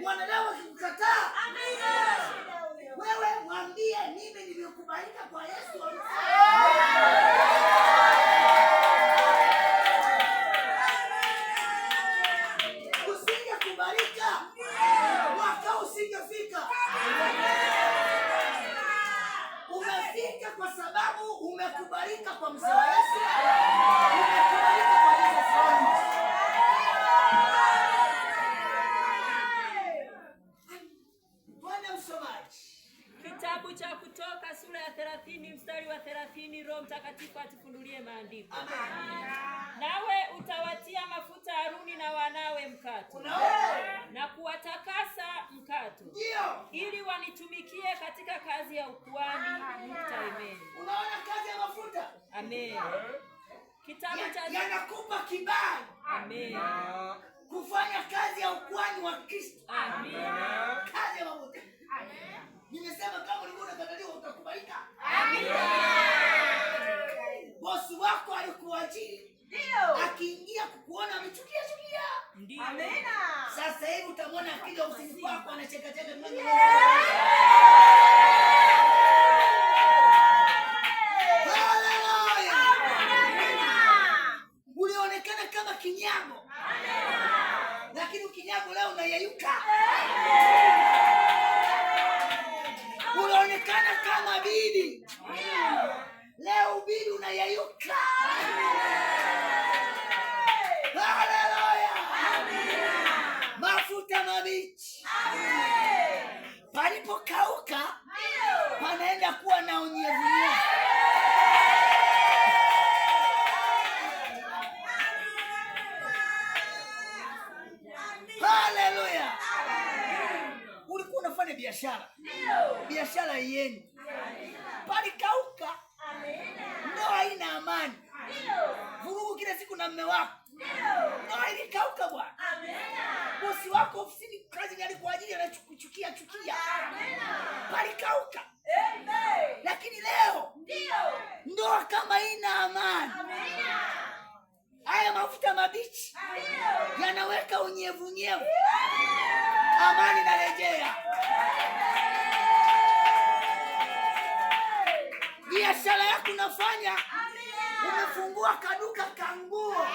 mwanadamu akikukataa wewe, mwambie mimi nimekubalika kwa Yesu. Usingekubalika mwaka usingefika. Umefika kwa sababu umekubalika kwa mzee wa Yesu. cha Kutoka sura ya 30 mstari wa thelathini Roho Mtakatifu atufundulie maandiko. Nawe utawatia mafuta Haruni na wanawe mkato na kuwatakasa mkato, ili wanitumikie katika kazi ya ukuhani mtaimeni. Unaona kazi ya mafuta. Amen. Kitabu cha yanakupa kibali. Amen. Kufanya kazi ya ukuani wa Kristo. Amina. Sasa hivi utamwona akija ofisini kwako anacheka cheka. Haleluya. Ulionekana kama kinyago, lakini ukinyago leo Ulionekana kama bibi, leo bibi unayeyuka. kutoka wanaenda kuwa na unyevunyevu. Haleluya! Ulikuwa unafanya biashara, biashara yenu palikauka, ndoa haina amani, vurugu kila siku na mme wako, ndoa ilikauka bwana. Bosi wako ofisini, kazi ni ajili anachukia chukia palikauka, lakini leo ndoa kama ina amani. Haya mafuta mabichi yanaweka unyevunyevu, amani narejea, biashara yako unafanya, umefungua kaduka kanguo